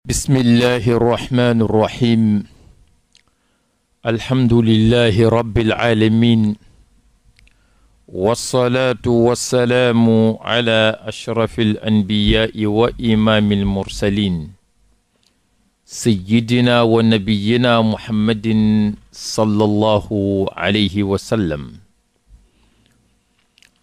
bismillahi irrahmani irrahim alhamdulillahi rabbil alamin wassalaatu wassalaamu ala ashrafi alanbiyaai wa imaami almursalin sayyidina wa nabiyina muhammadin sallallahu alayhi wa sallam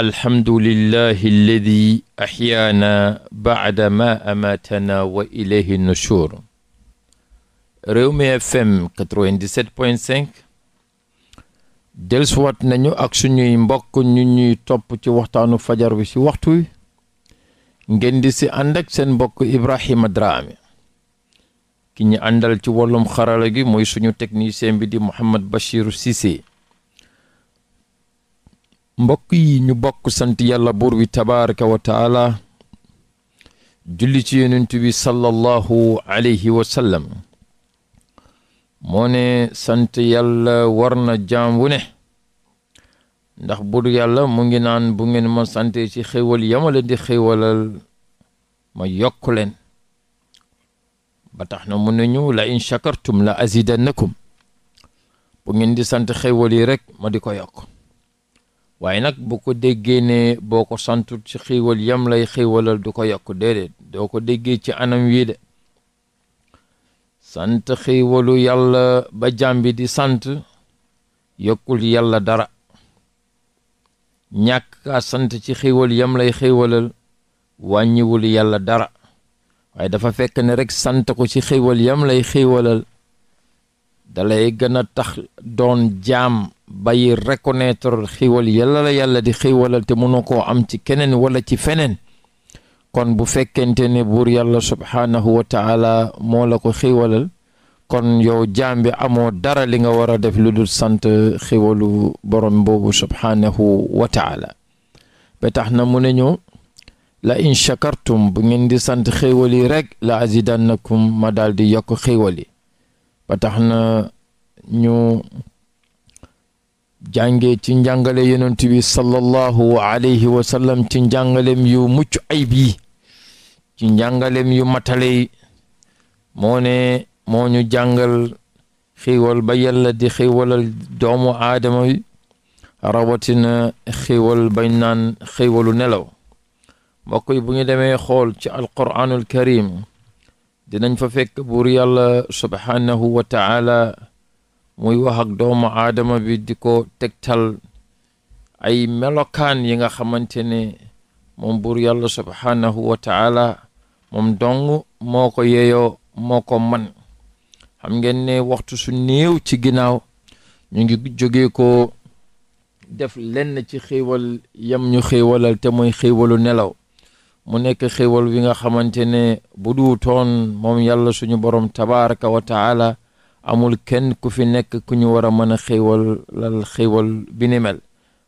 alhamdulillahi alladi ahyaana baada ma amatana wa ilayhi nushur Rewmi FM 97.5 delsuwaat nañu ak suñuy mbokk ñu ñuy topp ci waxtaanu fajar wi ci waxtu wi ngeen di si ànd seen mbokk Ibrahima Drame ki ñu àndal ci wàllum xarala gi mooy suñu technicien bi di Mouhamed Bachir Cissé mbokk yi ñu bokk sant yàlla buur wi tabaraka wa taala julli ci yonent bi sallallahu alayhi wa sallam moo ne sant yàlla war na jaam wu ndax buur yàlla mu ngi naan bu ngeen ma sante ci xéwal yamale di xéwalal ma yokk leen ba tax na mun nañu la in shakartum la azidannakum bu ngeen di sant xéwal yi rek ma di ko yokk waaye nag bu ko déggee ne boo ko santul ci xiwal yam lay xiiwalal du ko yokk déedéet doo ko déggee ci anam wii de sant xiiwalu yàlla ba jàmbi di sant yokkul yàlla dara ñàkk kaa sant ci xiiwal yam lay xiiwalal wàññiwul yàlla dara waaye dafa fekk ne rekk sant ko ci xiiwal yam lay xiiwalal dalay gën a tax doon jaam bàyyi reconnaître xiwal yalla yàlla di xiwalal te mënu koo am ci keneen wala ci feneen kon bu fekkente ne buur yàlla subhaanahu wa taala moo la ko xiwalal kon yow jaam bi amoo dara li nga war a def lu dul sant xiwalu borom boobu subhaanahu wa taala tax na mu ne ñu la in shakartum bu ngeen di sant xiwal yi rek la azidannakum ma daal di yokk xiwal yi ba tax na ñu jànge ci njàngale yonent bi sallallahu alayhi wa ci njàngalem yu mucc ay yi ci njàngalem yu matale yi moo ne moo ñu jàngal xéewal ba yàlla di xéewalal doomu aadama yi rawatina xéewal bañ naan xéewalu nelaw mbokk yi bu ñu demee xool ci alquranul karim dinañ fa fekk buur yàlla subhaanahu wa taala muy wax ak doomu aadama bi di ko tegtal ay melokaan yi nga xamante ne moom buur yàlla subhaanahu wa taala moom dong moo ko yeyoo moo ko man xam ngeen ne waxtu su néew ci ginnaaw ñu ngi jógee ko def lenn ci xéewal yam ñu xéewalal te muy xéewalu nelaw mu nekk xéwal wi nga xamante ne bu duutoon moom yàlla suñu borom tabaraka wa amul kenn ku fi nekk ku ñu war a mën a xéwal lal xéwal bi mel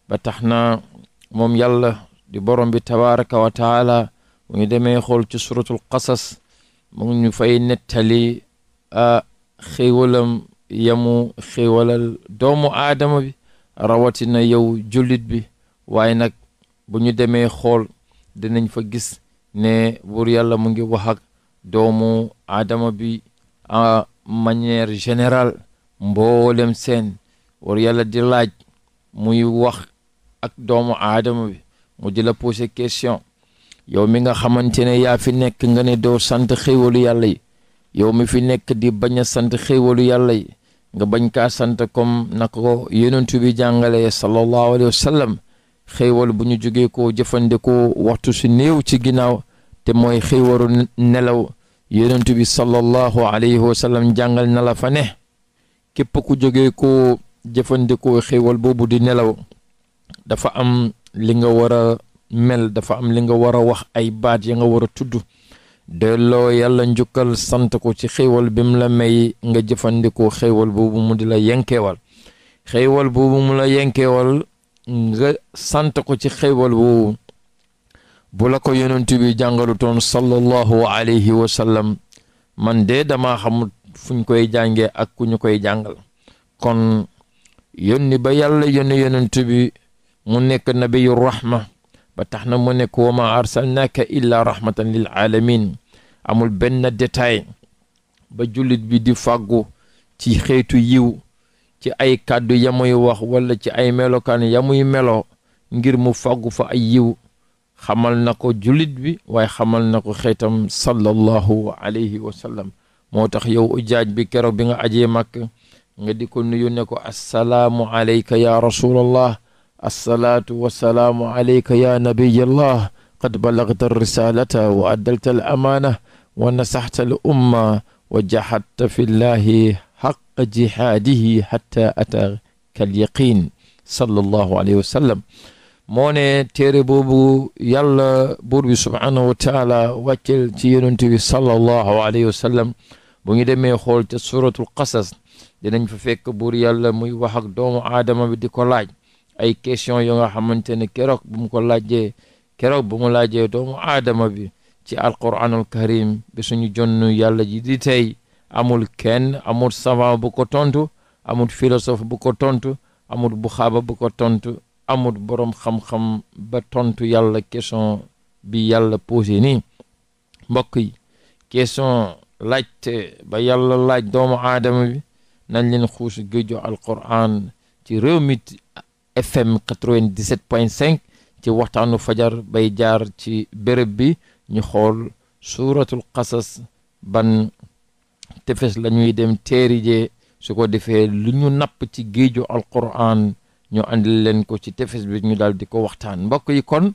ba tax na moom yàlla di borom bi tabaraka wa taala mu ñu demee xool ci suratul qasas mu ñu fay nettali a xéwalam yamu xéwalal doomu aadama bi rawatina yow julit bi waaye nag bu ñu demee xool dinañ fa gis ne buur yàlla mu ngi wax ak doomu aadama bi en manière général mboolem seen war yàlla di laaj muy wax ak doomu aadama bi mu di la poser question yow mi nga xamante ne yaa fi nekk nga ne doo sant xéewalu yàlla yi yow mi fi nekk di bañ a sant xéewalu yàlla yi nga bañ kaa sant comme na ko yonent bi jàngalee sallallahu alayhi wa xéewal bu ñu jógee ko jëfandikoo waxtu su néew ci ginnaaw te mooy xéewaru nelaw yonent bi sallallahu alayhi wa sallam jàngal na la fa ne képp ku jógee jëfandikoo xéewal boobu di nelaw dafa am li nga war a mel dafa am li nga war a wax ay baat ya nga war a tudd delloo yàlla njukkal sant ko ci xéewal bi mu la may nga jëfandikoo xéewal boobu mu di la yenkeewal xéewal boobu mu la yenkeewal nga sant ko ci xéewal woowu bu la ko yonent bi jàngalutoon sallallahu alayhi wa man de damaa xamut fuñ koy jàngee ak ku ñu koy jàngal kon yónni ba yàlla yónni yonent mu nekk nabiyu rahma ba tax na mu nekk wa ma arsalnaaka illa rahmatan lil alamin amul benn détail ba jullit bi di faggu ci xeetu yiw ci ay kàddu ya muy wax wala ci ay melokaan ya muy meloo ngir mu fàggu fa ay yiw xamal na ko julit bi waaye xamal na ko xeetam sallallahu alayhi wa moo tax yow ujaaj bi kero bi nga ajee màkk nga di ko nuyune ne ko assalaamu alayka ya rasulallah assalaatu wassalaamu alayka ya nabiyallah qad balagta risalata wa addalta al wa nasaxta al wa jahadta fi llahi حق جهاده حتى أتاك اليقين صلى الله عليه وسلم moo ne téere boobu yàlla buur bi subhaanahu wa taala ci yonent bi sallallahu alayhi bu ñu demee xool ca suratul qasas dinañ fa fekk buur yàlla muy wax ak doomu aadama bi di ko laaj ay question yo nga xamante ne keroog bu ko laajee keroog bu mu laajee doomu aadama bi ci alquranul karim bi suñu jonn yàlla ji di amul kenn amul savant bu ko tontu amul philosophe bu ko tontu amul buxaaba bu ko tontu amul boroom xam-xam ba tontu yàlla question bi yàlla posé nii mbokk yi question laajte ba yàlla laaj doomu aadama bi nañ leen xuus géejo alquran ci réew mi FM 97.5 ci waxtaanu fajar bay jaar ci béréb bi ñu xool suuratul qasas ban tefes lañu ñuy dem teeri jee su ko defee lu ñu napp ci géeju alquran ñu andil leen ko ci tefes bi ñu daal di ko waxtaan mbokk yi kon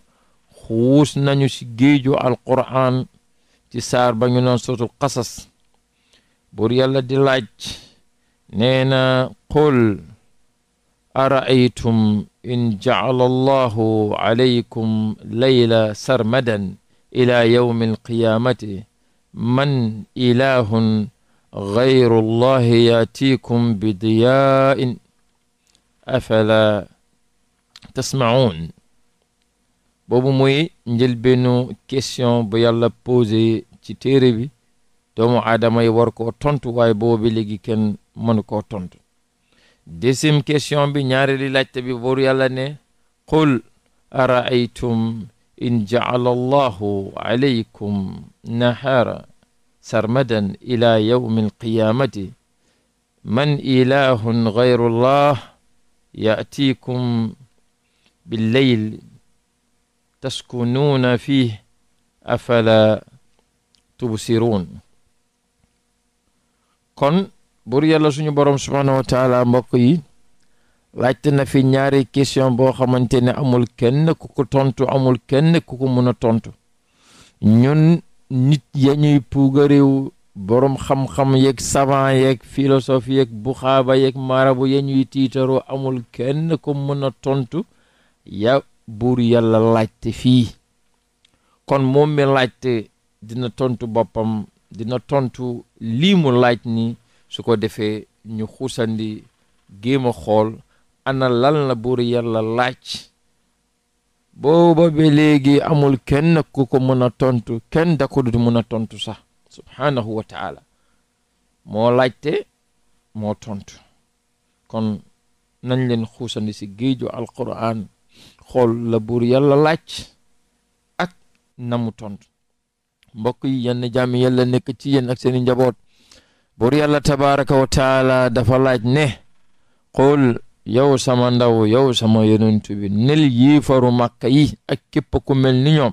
xuus nañu ci géeju alquran ci saar ba ñu naan sootul qasas buur yàlla di laaj nee na qul araaytum in jacala allahu alaykum layla sarmadan ila yawmi alqiyaamati man ilahun gayru llahi yaatiikum bi diyaain afala tasmaun boobu mooy njëlbeenu question bu yàlla pose ci téere bi doomu aadama yi war koo tontu waaye boobu léegi kenn mënu koo tontu deuxième question bi ñaareeli laajte bi booru yàlla ne qul araaytum in jaala allahu aleykum nahaara sarmadan ila yowmi alqiyaamati man ilahun gayru llah yaatiikum billeyl taskunuuna fiih afala tubsiruun kon buur yàlla suñu boroom subhaanahu wa taala mbokk yi laajte na fi ñaari question boo xamante ne amul kenn ku tontu amul kenn ku ko tontu ñun nit ya ñuy puugaréew boroom xam-xam yeeg savant yeeg philosophie yeeg buxaaba yeeg marabu ya ñuy tiitaroo amul kenn ko mën a tontu ya buur yàlla laajte fii kon moom mi laajte dina tontu boppam dina tontu lii mu laaj ni su ko defee ñu xuusandi géem a xool ana lan la buur yàlla laaj booba ba léegi amul kenn ku ko mën a tontu kenn da ko mën a tontu sax subhaanahu wa taala moo laajte moo tontu kon nañ leen xuusandi si géeju alquran xool la buur yàlla laaj ak namu tontu mbokk yi yenn jàmm yàlla nekk ci yéen ak seeni njaboot buur yàlla tabaraka wa dafa laaj ne xool yow sama ndaw yow sama yonentu bi nel yiifaru màkka yi ak képp ku mel ni ñoom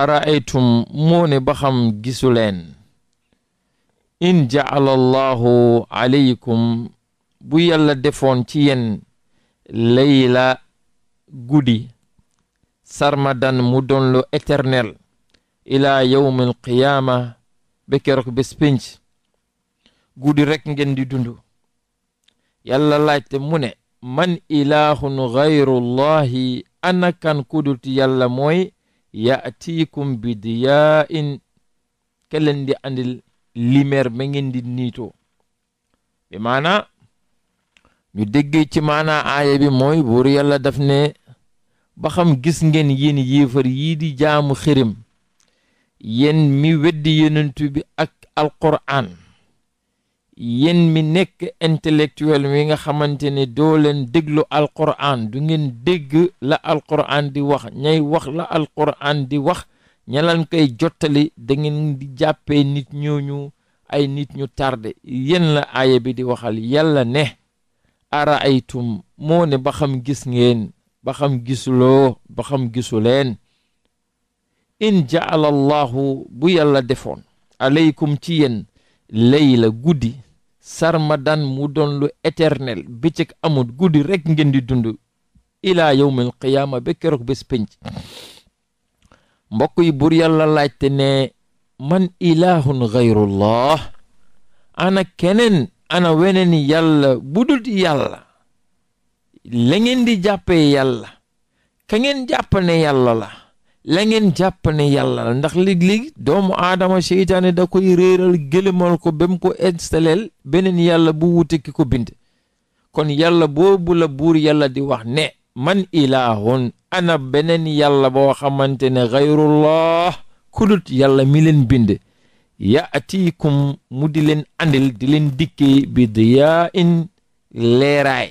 ara aytum moo ne ba xam gisu leen in ja'ala allahu aleykum bu yàlla defoon ci yéen layla guddi sarmadan mu doon lu éternel ila yawm al qiyaama ba keroog bés pénc guddi rek ngeen di dund yàlla laajte mu ne man ilaahun gayrullahi ana kan kudut yàlla mooy yaatiikum bi diyaa in ke leen di andil lumière ma bi maana ñu déggee ci maana aaya bi mooy buur yàlla daf ne ba gis ngeen yéen yéefar yii di jaamu xirim yen mi weddi yenentu bi ak alquraan yenn mi nekk intellectuel mi nga xamante ne doo leen déglu alquran du ngeen dégg la alquran di wax ñay wax la alquran di wax ña leen koy jottali dangeen ngeen di jàppee nit ñooñu ay nit ñu tardé yenn la aaya bi di waxal yàlla ne ara aytum moo ne ba xam gis ngeen ba xam gisuloo ba xam gisuleen in ja'ala bu yàlla defoon aleykum ci yéen leyla guddi sarmadan mu doon lu éternel bëccëg amul guddi rekk ngeen di dund ilaa yawmil qiyaama ba keroog bés pénc mbokk yi bur yàlla laajte ne man ilahun gayrullah ana keneen ana weneen yàlla budul yàlla la ngeen di jàppee yàlla ka ngeen yàlla la la ngeen jàpp yàlla ndax léeg-léeg doomu aadama seytaane da koy réeral gëlëmal ko bem ko installeel beneen yàlla bu wute ko bind kon yàlla boobu la buur yàlla di wax ne man ilaahun ana beneen yàlla boo xamante ne xayrullah kudut yàlla mileen leen bind yaatiikum mu di leen andil di leen dikkee bi diyaa in leeraay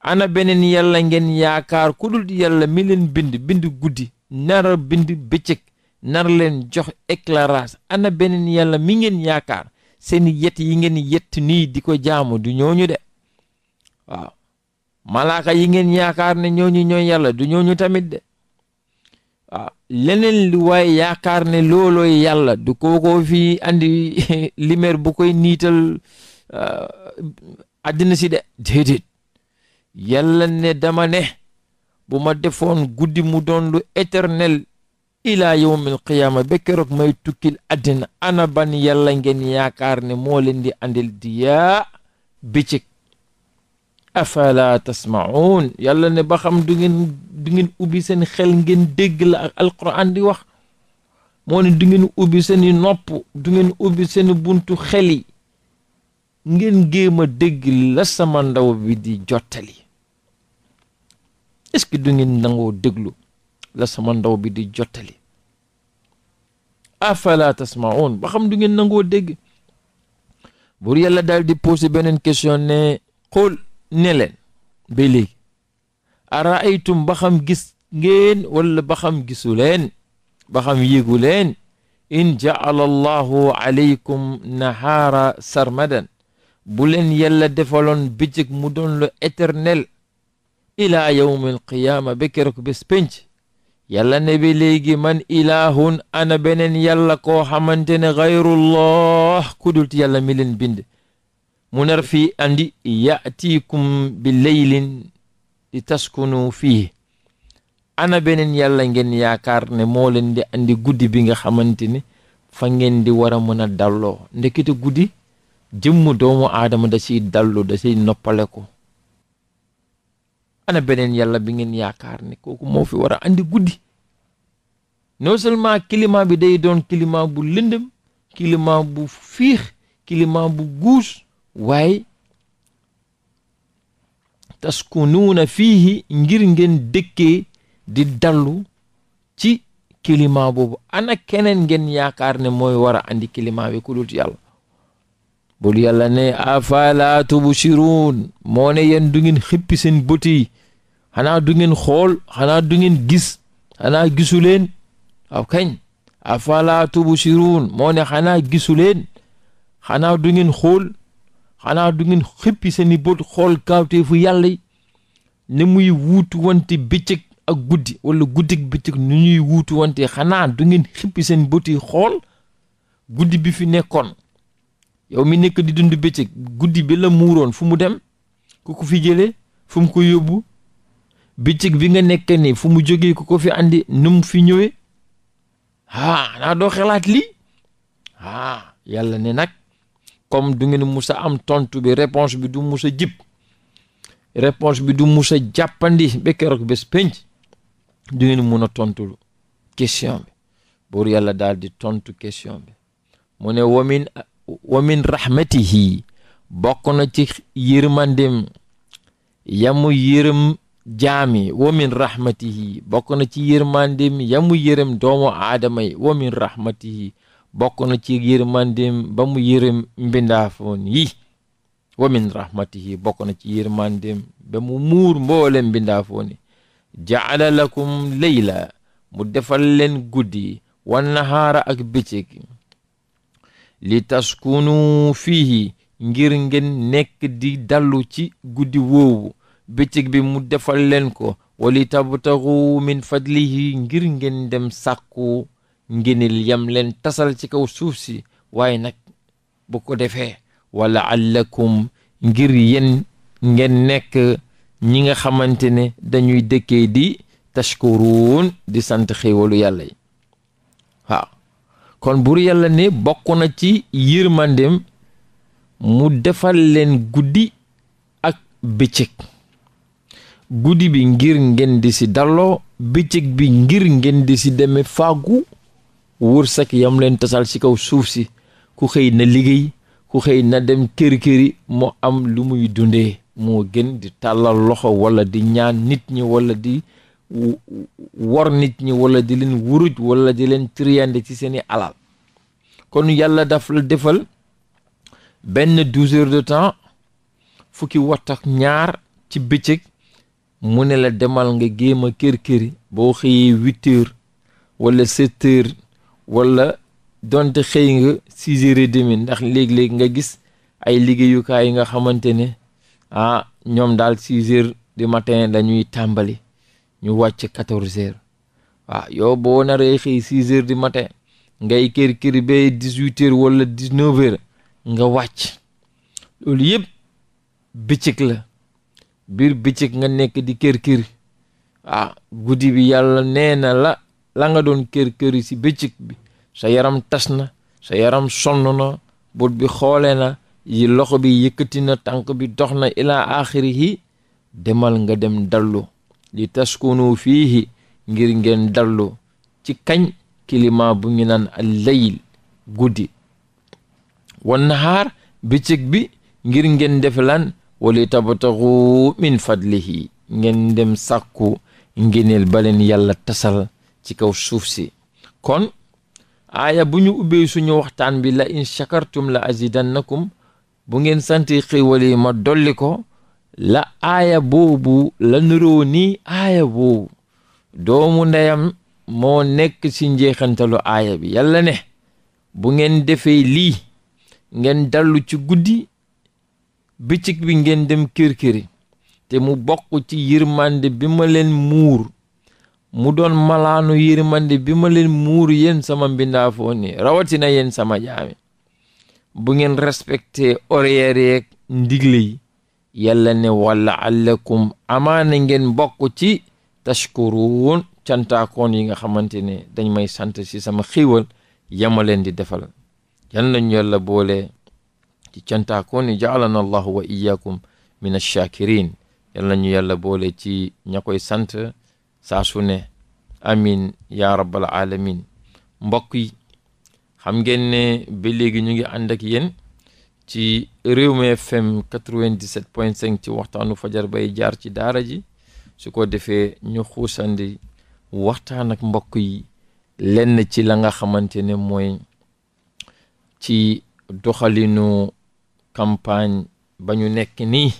ana beneen yàlla ngeen yaakaar kudut yàlla mi bind bind guddi nara bind bëccëg nara leen jox éclairage ana beneen yàlla mi ngeen yaakaar seeni yet yi ngeen yett nii di ko jaamu du ñooñu de waaw malaaka yi ngeen yaakaar ne ñooñu ñooy yàlla du ñooñu tamit de leneen lu waaye yaakaar ne loolooy yàlla du kookoo fi andi limeer bu koy niital euh, àddina si de déedéet yàlla ne dama ne bu ma defoon guddi mu doon lu éternel ilaa yawmil qiyaama ba keroog may tukkil àddina ana ban yàlla ngeen yaakaar ne moo leen di andil diyaa bëccëg afala tasmaun yàlla ne ba xam du ngeen ubbi seen xel ngeen dégg la ak alquran di wax moo ne du ngeen ubbi seeni nopp du ngeen ubbi seeni buntu xel ngeen géem a dégg la sama ndaw bi di jottali est-ce que du ngeen nangoo déglu la sama ndaw bi di jottali afala tasmaun ba xam du ngeen nangoo dégg buur yàlla daal di posé beneen question ne xool ne leen ba léegi ba xam gis ngeen wala ba xam gisu leen ba xam yéegu leen in jaala aleykum nahaara sarmadan bu leen defaloon bëccëg mu doon lu ilaa yawmil qiyaama ba keroog bés yàlla ne bi léegi man ilaahun ana beneen yàlla koo xamante ne xayrullah kudul ti yàlla mi bind mu nar fii andi yatiikum bi leylin di taskunu fii ana beneen yàlla ngeen yaakaar ne moo leen di andi guddi bi nga xamante ne fa ngeen di war a mën a dalloo ndekete guddi jëmm doomu aadama da siy dallu da siy noppale ko ana beneen yàlla bi ngeen yaakaar ne kooku moo fi war a andi guddi non seulement climat bi day doon climat bu lëndëm climat bu fiix climat bu guus waaye taskunuuna fiihi ngir ngeen dëkkee di dallu ci climat boobu ana keneen ngeen yaakaar ne mooy war a andi climat bi ku dul yàlla bul ne afala tubsirun moo ne yéen du xippi seen bët xanaa du ngeen xool xanaa du ngeen gis xanaa gisu leen waaw kañ afala tubsirun moo ne xanaa gisu leen xanaa du ngeen xool xanaa du ngeen xëppi seeni xool kaawtee fu yàlla ne muy wuutu wante ak guddi wala guddik bëccëg nu ñuy wuutu wante xanaa du ngeen xëppi seen bët yi xool guddi bi fi nekkoon yow mi nekk di dund bëccëg guddi bi la muuroon fu mu dem ku ko fi jëlee fu mu ko yóbbu bitig bi nga nekk ni fu mu jógee ku ko fi andi nu mu fi ñëwee ah naa doo xalaat lii ah yàlla ne nag comme du ngeen mus am tontu bi réponse bi du mus a jib réponse bi du mus a jàppandi ba keroog bés penc du ngeen mun a tontu question bi buur yàlla daal di tontu question bi mu ne wamin wamin rahmatihi bokk na ci yërmandem yamu yërëm jaami wa min rahmatihi bokk na ci yërmandeem ya mu yërëm doomu aadama yi wa min rahmatihi bokk na ci yërmandeem ba mu yërëm mbindaafoon yi wa min rahmatihi bokk na ci yërmandeem ba mu muur mboolem mbindaafoon yi jaala lakum leyla mu defal leen guddi wa nahaara ak bëccëg li taskunu fiihi ngir ngeen nekk di dallu ci guddi woowu bëccëg bi mu defal leen ko wali tabtaxu min fadlihi ngir ngeen dem sàkku ngenil yam leen tasal ci kaw suuf si waaye nag bu ko defee wala allakum ngir yéen ngeen nekk ñi nga xamante ne dañuy dëkke di tashkuruun di sant xéewalu yàlla yi kon buur yàlla ne bokk na ci yërmandem mu defal leen guddi ak bëccëg guddi bi ngir ngeen di si dalloo bëccëg bi ngir ngeen di si demee faagu wërsëg yam leen tasal si kaw suuf si ku xëy na liggéey ku xëy na dem këri këri moo am lu muy dundee moo gën di tàllal loxo wala di ñaan nit ñi wala di war nit ñi wala di leen wuruj walla di leen triyande ci seeni alal kon yàlla daf defal benn douze heures de temps fukki waxtak ñaar ci bëccëg mu ne la demal nga géem a kër-këri boo xëyee huit walla wala walla heures donte xëy nga six heures et demi ndax léeg-léeg nga gis ay liggéeyukaay yi nga xamante ne ah ñoom daal six di du matin dañuy tàmbali ñu wàcc quatorze waaw ah, yow boo naree xëy six heures du matin ngay kër kër ba dix huit wala dix neuf heures nga wàcc loolu yëpp bicik la biir bëccëg nga nekk di kër-këri ah, guddi bi yàlla nee na la la nga doon kër-këri ci bëccëg bi sa yaram tas na sa yaram sonn na bët bi xoole na yi loxo bi yëkkati na tànk bi dox na ilaa axiri yi demal nga dem dallu li taskunu fiihi ngir ngeen dallu ci kañ kilima bu ngi naan al layl guddi wan nahaar bëccëg bi ngir ngeen def lan wali tabtaxu min fadlihi ngeen dem sàkku ngéneel baleen yàlla tasal ci kaw suuf si kon aaya bu ñu ubbee suñu waxtaan bi la in shakartum la azidannakum bu ngeen santi xéewal ma dolli ko la aaya boobu la nuroo nii aaya boobu doomu ndeyam moo nekk ci njeexantalu aaya bi yàlla ne bu ngeen defee lii ngeen dallu ci guddi bëccëg bi ngeen dem kër te mu bokk ci yërmande bi ma muur mu doon malaanu yërmande bi ma muur yéen sama mbindaafoo ni rawatina yéen sama jaami bu ngeen respecte horaire ndigli ndigle yi yàlla ne wala allakum amaana ngeen bokk ci tashkuruun cantaakoon yi nga xamante ne dañ may sant si sama xiiwal yama leen di defal yal nañu yàlla boole ci cantaakoon ni jaalana allahu wa iyaakum min ash-shakirin yal nañu yàlla boole ci ña koy sant saa su ne amin ya rabbal alamin mbokk yi xam ngeen ne ba léegi ñu ngi ànd ak yéen ci Rewmi FM 97.5 ci waxtaanu fajar bay jaar ci daara ji su ko defee ñu xuusandi waxtaan ak mbokk yi lenn ci la nga xamante ne mooy ci doxalinu campagne ba ñu nekk nii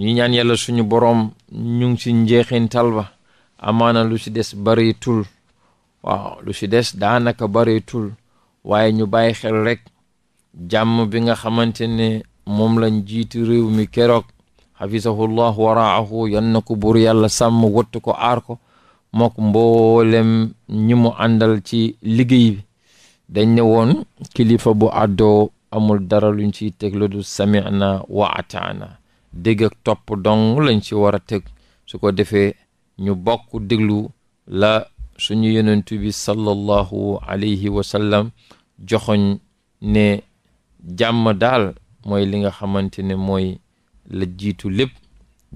ñu ñaan yàlla suñu boroom ñu ngi ci njeexintal ba amaana lu ci des bareetul waaw lu ci des daanaka bareetul waaye ñu bàyyi xel rekk jàmm bi nga xamante ne moom lañ jiitu réew mi keroog xafisahullah waraahu yan na ko buur yàlla sàmm wottu ko arko ko mook mboolem ñi mu àndal ci liggéey dañ ne woon kilifa bu àddoo amul dara luñ ciy teg lu dul sami'na wa ataana dégg ak topp dong lañ ci war a teg su ko defee ñu bokk déglu la suñu yonentu bi sallallahu alayhi wa sallam joxoñ ne jàmm daal mooy li nga xamante ne mooy la jiitu lépp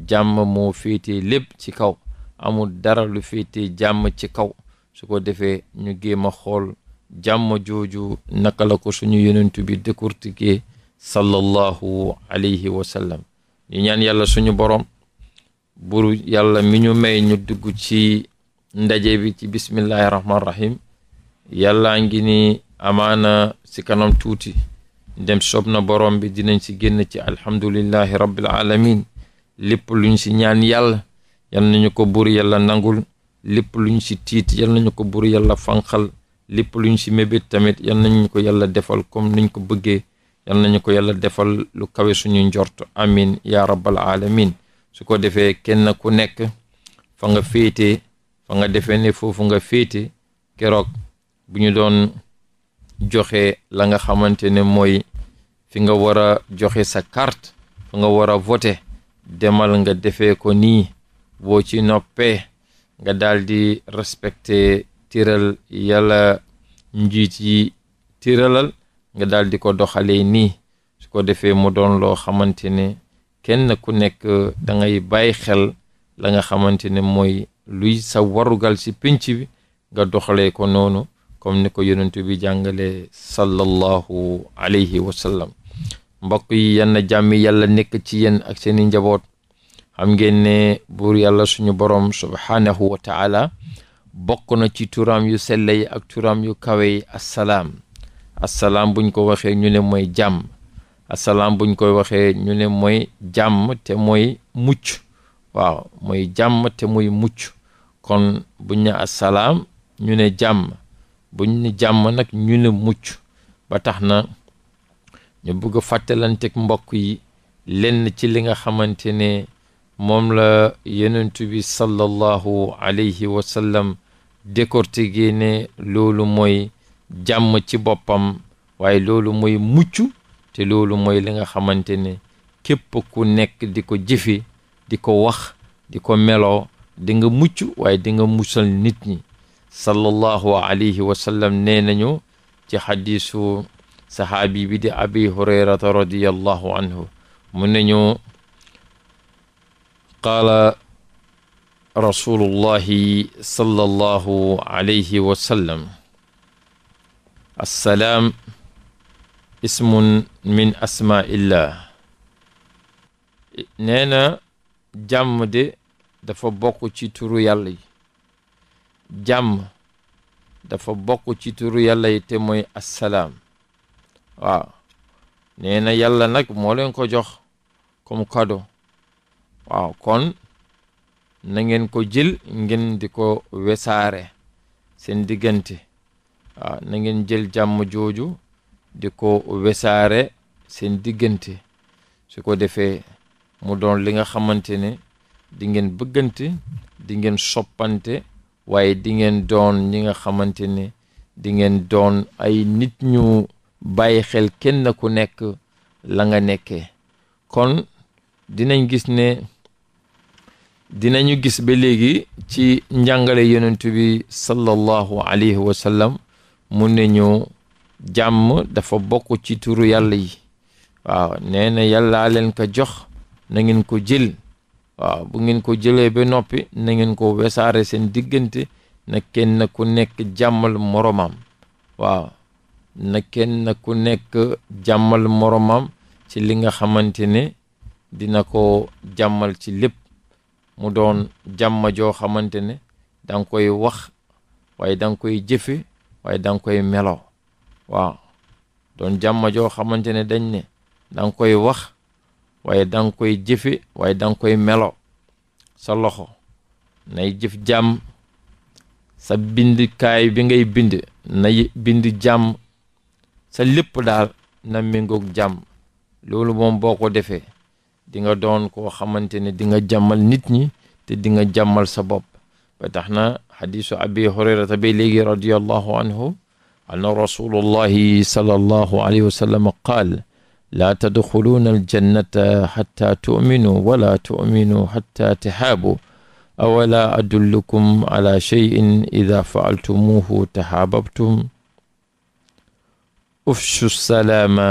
jàmm moo féete lépp ci kaw amul dara lu féete jàmm ci kaw su ko defee ñu géem a xool jàmm jooju naka la ko suñu yonent bi décortiqué sallallahu alayhi wa ñu ñaan yàlla suñu borom buru yàlla mi ñu may ñu dugg ci ndaje bi ci bismillahi rahman rahim yàllaa ngi ni amaana si kanam tuuti dem sob na borom bi dinañ ci génn ci alhamdulillahi rabbil alamin lépp luñ si ñaan yàlla yal nañu ko bur yàlla nangul lépp luñ si tiit yal nañu ko buur yàlla fanqal lépp lu ñu si mébét tamit yal nañu ko yàlla defal comme niñ ko bëggee yal nañu ko yàlla defal lu kawe suñu njort amin ya rabbal alamin su ko defee kenn ku nekk fa nga féete fa nga defee ne foofu nga féete keroog bu ñu doon joxe la nga xamante ne mooy fi nga war a joxe sa kart fa nga war a vote demal nga defee ko nii boo ci noppee nga daldi respecté tiral yàlla njiit yi tiralal nga daal di ko doxalee nii su ko defee mu doon loo xamante ne kenn ku nekk dangay ngay bàyyi xel la nga xamante ne mooy luy sa warugal si pénc bi nga doxalee ko noonu comme ni ko yonent bi jàngalee sallallahu alayhi wa mbokk yi yenn jàmm yàlla nekk ci yéen ak seeni njaboot xam ngeen ne buur yàlla suñu borom subhaanahu wa bokk na ci turam yu sell yi ak turam yu kawe yi assalaam assalaam buñ ko waxee ñu ne mooy jàmm assalaam buñ koy waxee ñu ne mooy jàmm te mooy mucc waaw mooy jàmm muy mucc kon buñ ne assalaam ñu ne jàmm buñ ne jàmm nag ñu ne mucc ba tax na ñu bëgg a fàttalanteeg mbokk yi lenn ci li nga xamante ne moom la yenentu bi sallallahu alayhi wa sallam décortiquer ne loolu mooy jàmm ci boppam waaye loolu mooy mucc te loolu mooy li nga xamante ne képp ku nekk di ko jëfe di ko wax di ko melo di nga mucc waaye di nga musal nit ñi sallallahu alayhi wa sallam nee nañu ci xadisu sahaabi bi di abi hurayrata radiallahu anhu mu nañu qaala rasulullahi sallallahu alayhi wa sallam assalaam ismun min asmaillah nee na jàmm de dafa bokk ci turu yàlla dafa bokk ci turu yàlla te mooy assalaam waaw nee na yàlla nag moo ko jox comme cadeau waaw kon na ngeen ko jël ngeen di ko wesaare seen diggante waaw ah, na ngeen jël jàmm jooju di ko wesaare seen diggante su ko defee mu doon li nga xamante ne di ngeen bëggante di ngeen soppante waaye di ngeen doon ñi nga xamante ne di ngeen doon ay nit ñu bàyyi xel kenn ku nekk la nga nekkee kon dinañ gis ne dinañu gis ba léegi ci njàngale yonent bi sallallahu alayhi wa sallam mun nañu jàmm dafa bokk ci turu yàlla yi waaw nee na yàllaa leen ko jox na ngeen ko jël waaw bu ngeen ko jëlee ba noppi na ngeen ko wesaare seen diggante na kenn ku nekk jàmmal moromam waaw na kenn ku nekk jàmmal moroomam ci li nga xamante ne dina ko jàmmal ci lépp mu doon jàmm joo xamante ne danga koy wax waaye danga koy jëfe waaye da koy melo waaw doon jàmm joo xamante ne dañ ne danga koy wax waaye da koy jëfe waaye da koy melo sa loxo nay jëf jàmm sa bindkaay bi ngay bind na bind jàmm sa lépp daal na méngoog jàmm loolu moom boo ko defee di nga doon koo xamante ne di nga jàmmal nit ñi te di nga jàmmal sa bopp ba tax na xadisu abi hurayrata ba léegi radiallahu anhu anna rasulullahi sallallahu alayhi wa sallam qaal laa tadxuluuna aljannata xatta tu'minu wala tu'minu xatta tahaabu awala adullukum ala cheyin ida faaltumuuhu tahaababtum ufshu salaama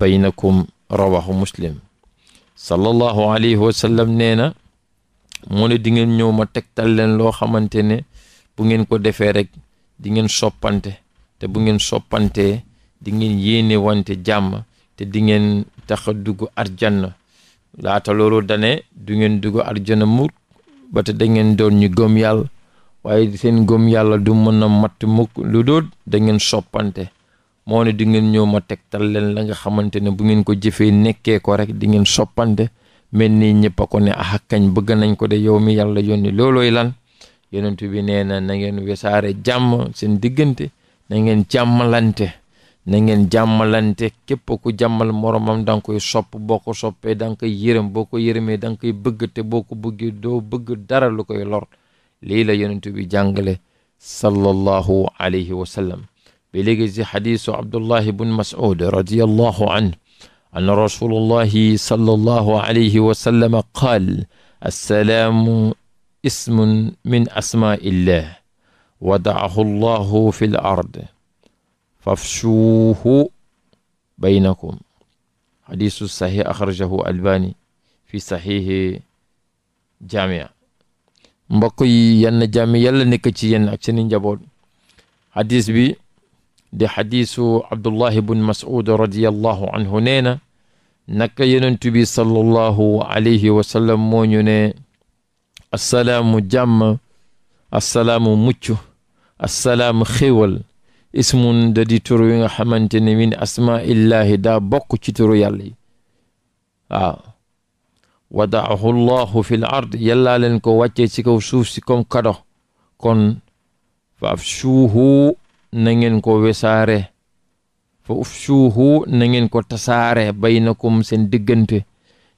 baynakum rawahu muslim sallallahu alayhi wa sallam nee na mu ne di ñëw ma tegtal leen loo xamante ne bu ngeen ko defee rek dingeen soppante te bu ngeen soppantee di ngeen yéene wante jàmm te di ngeen tax a dugg arjanna laata loolu dane du ngeen dugg arjanna mukk ba te da ngeen doon ñu gëm yàlla waaye seen gëm yàlla du mën a matt mukk lu doot dangeen soppante moo ne di ngeen ñëw ma tegtal leen la nga xamante ne bu ngeen ko jëfee nekkee ko rek di ngeen soppante mel ni ñëpp a ko ne ah kañ bëgg nañ ko de yow mi yàlla ni loolooy lan yonent bi nee na na ngeen wesaare jàmm seen diggante na ngeen jàmmalante na ngeen jàmmalante képp ku jàmmal moromam da nga koy sopp boo ko soppee da nga yërëm boo ko yërëmee da nga koy bëgg te boo ko bëggee doo bëgg dara lu koy lor lii la yonent bi jàngale sallallahu alayhi wa sallam ba léegi ci xadiisu abdullahi bun mas'ud radiyallahu anhu anna rasulullahi sallallahu alayhi wa sallam qaal assalaamu ismun min asmaa'illah wadaahu llahu fi l ard fafshuuhu baynakum xadiisu saxiix axrajahu albani fi saxiixi jaamia mbokk yi yenn jaami yàlla nekk ci yenn ak seeni njaboot xadiis bi di xadiisu abdullahi bun mas'ud radiallahu anhu nee na naka yenentu bi sallallahu alayhi wa sallam moo ñu ne assalaamu jàmm assalaamu mucc assalaamu xéwal ismun da di turu yi nga xamante ne min asmaillahi daa bokk ci turu yàlla yi wadaahu llahu fi l ard yàllaa leen ko wàccee ci kaw suuf si comme kado kon faafshuuhu nangeen ko wesaare fa ufshuuhu na ngeen ko tasaare baynakum seen diggante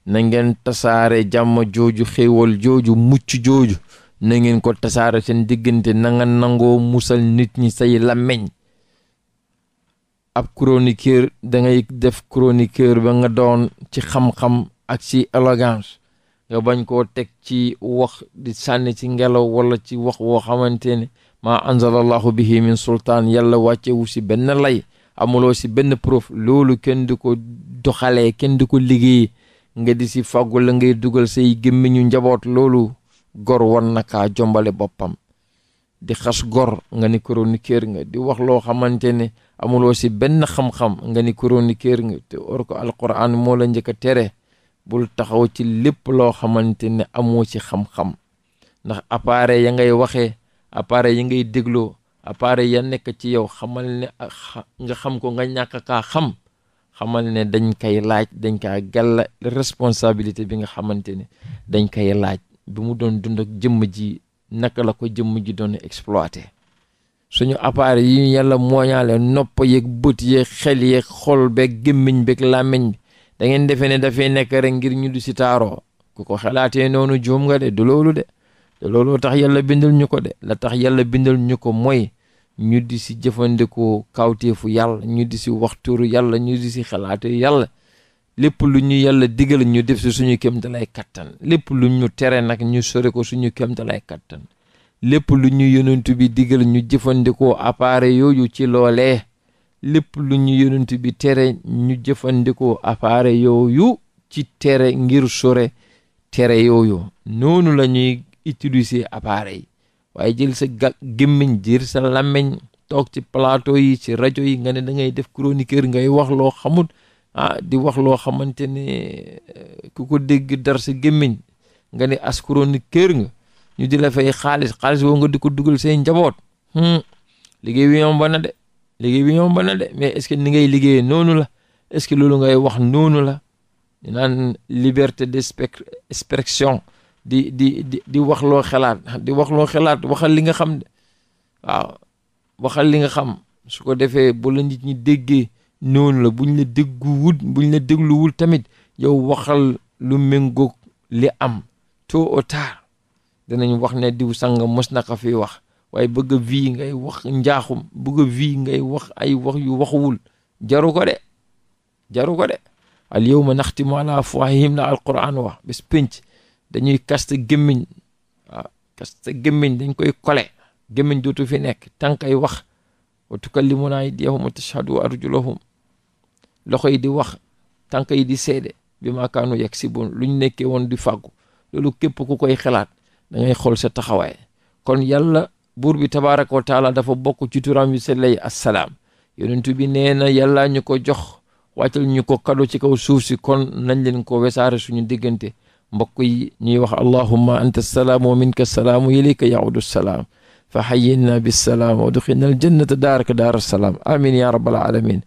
na ngeen tasaare jàmm jooju xéewal jooju mucc jooju na ngeen ko tasaare seen diggante na nangoo musal nit ñi say làmmiñ ab chroniqueur da def chroniqueur ba nga doon ci xam-xam ak ci élégance nga bañ koo teg ci wax di sànni ci ngelaw walla ci wax woo xamante ni maa anzalallahu bihi min sultaan yàlla wàccewu si benn lay amuloo si benn proof loolu kenn di ko doxalee kenn di ko liggéey nga di si fàggu la ngay dugal say gémmiñu njaboot loolu gor war na jombale boppam di xas gor nga ni chroniqueur nga di wax loo xamante ne amuloo si benn xam-xam nga ni chroniqueur nga te or ko alquran moo la njëkk a tere bul taxaw ci lépp loo xamante ni amoo ci xam-xam ndax appareil ya ngay waxee appareil yi ngay dégloo appareil ya nekk ci yow xamal ne a nga xam ko nga ñàkk kaa xam xamal ne dañ koy laaj dañ kaa gàlla responsabilité bi nga xamante ne dañ koy laaj bi mu doon dund ak jëmm ji naka la ko jëmm ji doon exploité suñu appareil yi yàlla mooñaale nopp yeeg bët yeeg xel yeeg xol beeg gémmiñ beeg làmmiñ bi da defee ne dafay nekk rek ngir ñu du si taaroo ku ko xalaatee noonu juum nga de du de te looloo tax yàlla bindal ñu ko de la tax yàlla bindal ñu ko mooy ñu di si jëfandikoo kawteefu yàlla ñu di si waxtuuru yàlla ñu di si xalaate yàlla lépp lu ñu yàlla digal ñu def si suñu kéemtalaay kattan lépp lu ñu tere nag ñu sore ko suñu kéemtalaay kattan lépp lu ñu yonent bi diggal ñu jëfandikoo appareil yooyu ci loolee lépp lu ñu yonent bi tere ñu jëfandikoo appareil yooyu ci tere ngir sore tere yooyu noonu la ñuy utiliser appareil waaye jël sa ga gémmiñ jër sa làmmiñ toog ci plateau yi ci rajo yi nga ne dangay def def kër ngay wax loo xamut ah di wax loo xamante ne eh, ku ko dégg dar sa gémmiñ nga ne as kër nga ñu di la fay xaalis xaalis woo nga di ko dugal see njaboot hmm, liggéey bi yomb na de liggéey bi yomb na de mais est ni ngay liggéeyee noonu la est-ce que loolu ngay wax noonu la ñu naan liberté d'expression di di di di wax loo xalaat di wax loo xalaat waxal li nga xam waaw waxal li nga xam su ko defee bu la nit ñi déggee noonu la buñ la dégguwul buñ la dégluwul tamit yow waxal lu méngoog li am tôt ou tard danañ wax ne diw sanga mos na ko fi wax waaye bëgg a vi ngay wax njaaxum bëgg a vi ngay wax ay wax yu waxuwul jaru ko de jaru ko de al yawma naxtimu ala afwahihim la alquran wax bés pénc dañuy kaste gémmiñ waaw kaste gémmiñ dañ koy kole gémmiñ dootu fi nekk tànk ay wax wa tukallimunaa aydiyahum wa tashhadu arjuluhum loxo yi di wax tànk yi di seede bi maa kaanu yaksibuun lu ñu nekkee woon di fàggu loolu képp ku koy xalaat da xool sa taxawaay kon yàlla buur bi tabaaraka wa dafa bokk ci turam yu sellay assalaam yonentu bi nee na yàlla ñu ko jox wàccal ñu ko kado ci kaw suuf si kon nañ leen ko wesaare suñu diggante mbokk yi ñuy wax allahumma anta salaam wa minka salaam wa ilayka yaudu salaam fa xayinna bisalaam wa duxina al jannata daaraka daar salaam amin ya rabbal alamin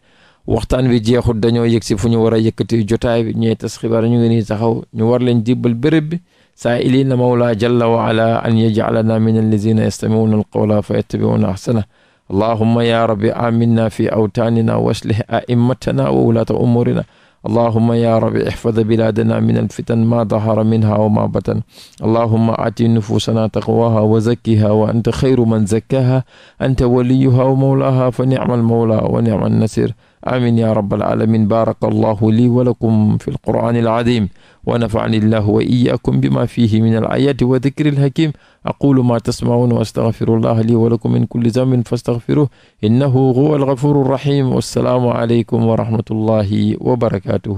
waxtaan bi jeexut dañoo yëg si fu ñu war a yëkkati jotaay bi ñee tas xibaar ñu ngi nii taxaw ñu war leen dibbal béréb bi saa ilina mawla jalla wa ala an yajalana min allazina yastamiuna alqawla fa yattabiuna ahsana allahumma ya rabbi aminna fi awtaanina wa aslih aimatana wa wulaata umurina allahuma ya rabbi ixfad bilaadana min alfitan ma dahara minha wa ma batan allahuma aati nufuusana taqwaha wa zakkiha wa anta xayru man zakkaha anta waliyuha wa mawlaha fa nicma almawla wa nicma annasir amin ya rabbal alamin baraka allahu lii wa lakum fi alqur'ani alazim wa nafa'ani llahu wa iyyakum bima fihi min alayati wa dhikri alhakim aqulu ma tasma'un wa astaghfiru llaha lii wa lakum min kulli dhanbin fastaghfiruhu innahu huwa alghafuru rahim wassalaamu alaykum wa rahmatullahi wa barakatuhu